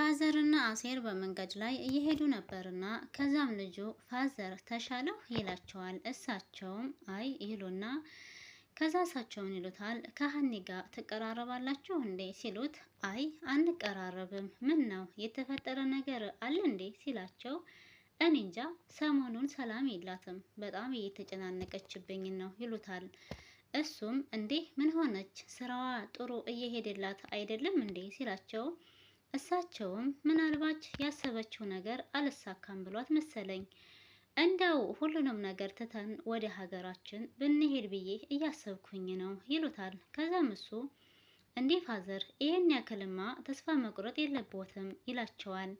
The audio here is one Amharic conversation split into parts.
ፋዘርና አሴር በመንገድ ላይ እየሄዱ ነበርና ከዛም ልጁ ፋዘር ተሻለው ይላቸዋል። እሳቸውም አይ ይሉና ከዛ እሳቸውን ይሉታል። ከሀኒ ጋር ትቀራረባላችሁ እንዴ ሲሉት አይ አንቀራረብም፣ ምን ነው የተፈጠረ ነገር አለ እንዴ ሲላቸው እኔ እንጃ ሰሞኑን ሰላም የላትም በጣም እየተጨናነቀችብኝ ነው ይሉታል። እሱም እንዴ ምን ሆነች? ስራዋ ጥሩ እየሄደላት አይደለም እንዴ ሲላቸው እሳቸውም ምናልባች ያሰበችው ነገር አልሳካም ብሏት መሰለኝ እንዳው ሁሉንም ነገር ትተን ወደ ሀገራችን ብንሄድ ብዬ እያሰብኩኝ ነው ይሉታል። ከዛም እሱ እንዴ ፋዘር ይህን ያክልማ ተስፋ መቁረጥ የለብዎትም ይላቸዋል።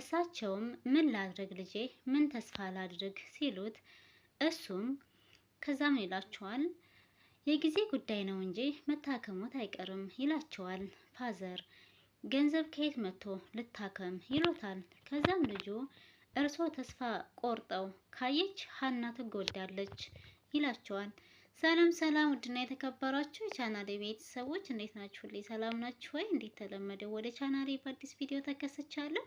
እሳቸውም ምን ላድርግ ልጄ፣ ምን ተስፋ ላድርግ ሲሉት እሱም ከዛም ይላቸዋል የጊዜ ጉዳይ ነው እንጂ መታከሞት አይቀርም ይላቸዋል ፋዘር ገንዘብ ከየት መጥቶ ልታከም ይሎታል። ከዛም ልጁ እርሶ ተስፋ ቆርጠው ካየች ሀና ትጎዳለች ይላቸዋል። ሰላም ሰላም፣ ውድና የተከበራችሁ የቻናሌ ቤተሰቦች እንዴት ናችሁ? ሁ ሰላም ናችሁ ወይ? እንዴት ተለመደው ወደ ቻናሌ በአዲስ ቪዲዮ ተከስቻለሁ።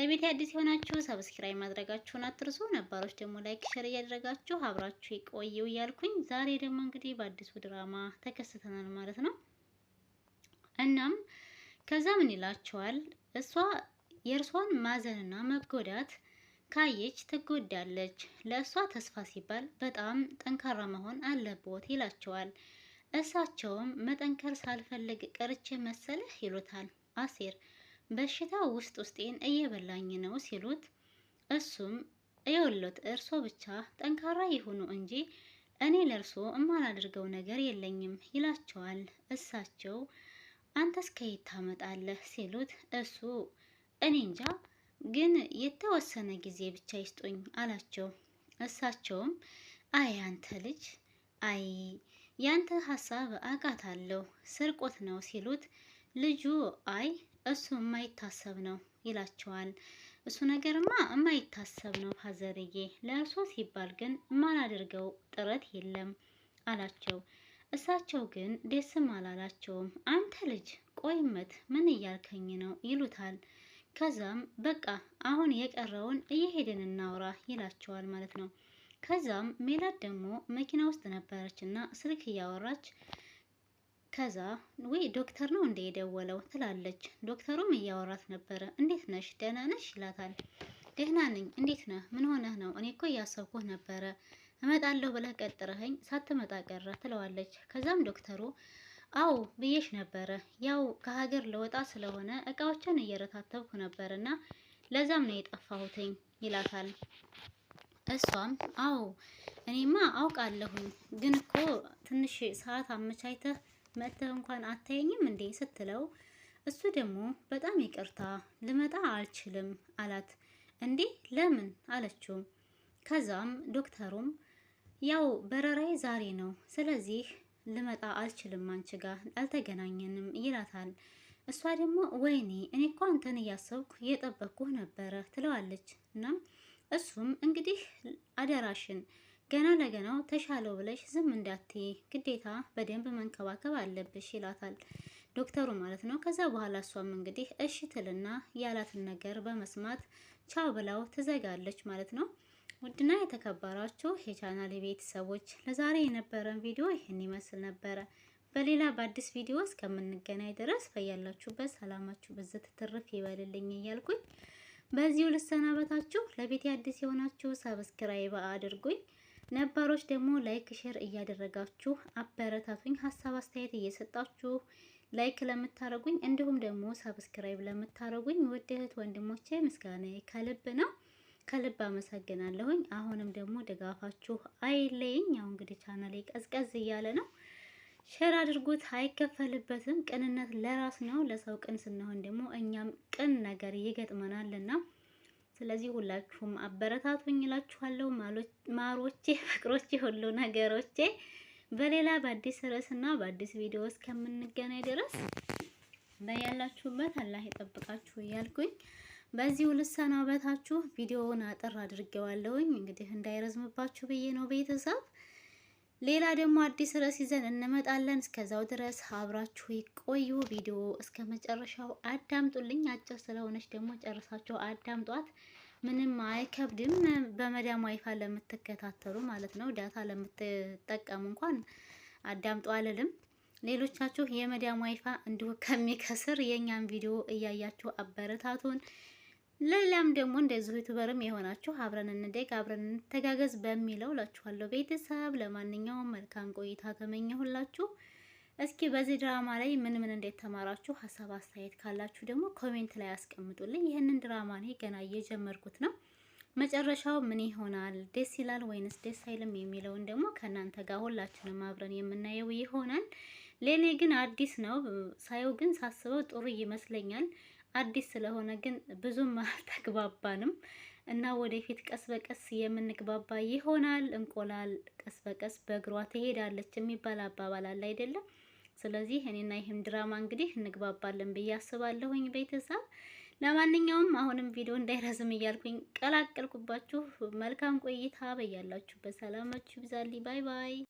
ለቤት አዲስ የሆናችሁ ሰብስክራይብ ማድረጋችሁን አትርሱ። ነባሮች ደግሞ ላይክ፣ ሸር እያደረጋችሁ አብራችሁ ይቆዩ እያልኩኝ ዛሬ ደግሞ እንግዲህ በአዲሱ ድራማ ተከስተናል ማለት ነው እናም ከዛ ምን ይላቸዋል? እሷ የእርሷን ማዘንና መጎዳት ካየች ትጎዳለች። ለእሷ ተስፋ ሲባል በጣም ጠንካራ መሆን አለቦት ይላቸዋል። እሳቸውም መጠንከር ሳልፈልግ ቀርቼ መሰለህ ይሉታል። አሴር በሽታ ውስጥ ውስጤን እየበላኝ ነው ሲሉት፣ እሱም እየወሎት እርሶ ብቻ ጠንካራ ይሁኑ እንጂ እኔ ለእርሶ እማላደርገው ነገር የለኝም ይላቸዋል። እሳቸው አንተስ ከየት ታመጣለህ ሲሉት እሱ እኔ እንጃ ግን የተወሰነ ጊዜ ብቻ ይስጡኝ አላቸው። እሳቸውም አይ አንተ ልጅ አይ ያንተ ሀሳብ አለው ስርቆት ነው ሲሉት ልጁ አይ እሱ የማይታሰብ ነው ይላቸዋል። እሱ ነገርማ የማይታሰብ ነው ፋዘርዬ፣ ለእርሶ ሲባል ግን ማላደርገው ጥረት የለም አላቸው። እሳቸው ግን ደስም አላላቸውም። አንተ ልጅ ቆይመት ምን እያልከኝ ነው ይሉታል። ከዛም በቃ አሁን የቀረውን እየሄድን እናውራ ይላቸዋል ማለት ነው። ከዛም ሜላት ደግሞ መኪና ውስጥ ነበረች እና ስልክ እያወራች ከዛ ወይ ዶክተር ነው እንደ የደወለው ትላለች። ዶክተሩም እያወራት ነበረ። እንዴት ነሽ ደህና ነሽ ይላታል። ደህና ነኝ እንዴት ነህ ምን ሆነህ ነው እኔ እኮ እያሰብኩህ ነበረ እመጣለሁ ብለህ ቀጥረኸኝ ሳትመጣ ቀረ ትለዋለች። ከዛም ዶክተሩ አዎ ብዬሽ ነበረ፣ ያው ከሀገር ለወጣ ስለሆነ እቃዎችን እየረታተብኩ እና ለዛም ነው የጠፋሁትኝ ይላታል። እሷም አዎ እኔማ አውቃለሁኝ፣ ግን እኮ ትንሽ ሰዓት አመቻችተህ መጥተህ እንኳን አታየኝም እንዴ ስትለው እሱ ደግሞ በጣም ይቅርታ ልመጣ አልችልም አላት። እንዴ ለምን አለችው። ከዛም ዶክተሩም ያው በረራዬ ዛሬ ነው፣ ስለዚህ ልመጣ አልችልም፣ አንቺ ጋር አልተገናኘንም ይላታል። እሷ ደግሞ ወይኔ እኔ እኮ አንተን እያሰብኩ እየጠበቅኩህ ነበረ ትለዋለች። እናም እሱም እንግዲህ አደራሽን ገና ለገናው ተሻለው ብለሽ ዝም እንዳትዪ ግዴታ በደንብ መንከባከብ አለብሽ ይላታል ዶክተሩ ማለት ነው። ከዛ በኋላ እሷም እንግዲህ እሽትልና ትልና ያላትን ነገር በመስማት ቻው ብላው ትዘጋለች ማለት ነው። ውድና የተከበራችሁ የቻናል ቤተሰቦች ለዛሬ የነበረን ቪዲዮ ይህን ይመስል ነበረ። በሌላ በአዲስ ቪዲዮ እስከምንገናኝ ድረስ በያላችሁበት ሰላማችሁ ብዝት ትርፍ ይበልልኝ እያልኩኝ በዚሁ ልሰናበታችሁ። ለቤት አዲስ የሆናችሁ ሰብስክራይብ አድርጉኝ፣ ነባሮች ደግሞ ላይክ ሼር እያደረጋችሁ አበረታቱኝ። ሀሳብ አስተያየት እየሰጣችሁ ላይክ ለምታረጉኝ እንዲሁም ደግሞ ሰብስክራይብ ለምታረጉኝ ውድ እህት ወንድሞቼ ምስጋና ከልብ ነው። ከልብ አመሰግናለሁኝ። አሁንም ደግሞ ድጋፋችሁ አይለይኝ። ያው እንግዲህ ቻናሌ ቀዝቀዝ እያለ ነው። ሼር አድርጉት፣ አይከፈልበትም። ቅንነት ለራስ ነው። ለሰው ቅን ስንሆን ደግሞ እኛም ቅን ነገር ይገጥመናልና ስለዚህ ሁላችሁም አበረታቱኝ እላችኋለሁ። ማሮቼ፣ ፍቅሮቼ፣ ሁሉ ነገሮቼ በሌላ በአዲስ ርዕስና በአዲስ ቪዲዮ እስከምንገናኝ ድረስ በያላችሁበት አላህ ይጠብቃችሁ እያልኩኝ በዚሁ ልሰናበታችሁ። ቪዲዮውን አጠር አድርጌዋለሁኝ እንግዲህ እንዳይረዝምባችሁ ብዬ ነው ቤተሰብ። ሌላ ደግሞ አዲስ ርዕስ ይዘን እንመጣለን። እስከዛው ድረስ አብራችሁ ይቆዩ። ቪዲዮ እስከ መጨረሻው አዳምጡልኝ። አጭር ስለሆነች ደግሞ ጨርሳችሁ አዳምጧት። ምንም አይከብድም። በመዳም ዋይፋ ለምትከታተሉ ማለት ነው፣ ዳታ ለምትጠቀሙ እንኳን አዳምጡ አልልም። ሌሎቻችሁ የመዳም ዋይፋ እንዲሁ ከሚከስር የእኛን ቪዲዮ እያያችሁ አበረታቱን። ሌላም ደግሞ እንደዚሁ ዩቱበርም የሆናችሁ አብረን እንደግ አብረን እንተጋገዝ በሚለው እላችኋለሁ ቤተሰብ። ለማንኛውም መልካም ቆይታ ተመኘሁላችሁ። እስኪ በዚህ ድራማ ላይ ምን ምን እንዴት ተማራችሁ? ሀሳብ አስተያየት ካላችሁ ደግሞ ኮሜንት ላይ አስቀምጡልኝ። ይህንን ድራማ እኔ ገና እየጀመርኩት ነው። መጨረሻው ምን ይሆናል? ደስ ይላል ወይንስ ደስ አይልም የሚለውን ደግሞ ከእናንተ ጋር ሁላችንም አብረን የምናየው ይሆናል። ለእኔ ግን አዲስ ነው። ሳየው ግን ሳስበው ጥሩ ይመስለኛል። አዲስ ስለሆነ ግን ብዙም አልተግባባንም እና ወደፊት ቀስ በቀስ የምንግባባ ይሆናል። እንቁላል ቀስ በቀስ በእግሯ ትሄዳለች የሚባል አባባል አለ አይደለም? ስለዚህ እኔና ይህም ድራማ እንግዲህ እንግባባለን ብዬ አስባለሁኝ ቤተሰብ። ለማንኛውም አሁንም ቪዲዮ እንዳይረዝም እያልኩኝ ቀላቀልኩባችሁ። መልካም ቆይታ። በያላችሁ፣ በሰላማችሁ ይብዛልኝ። ባይ ባይ።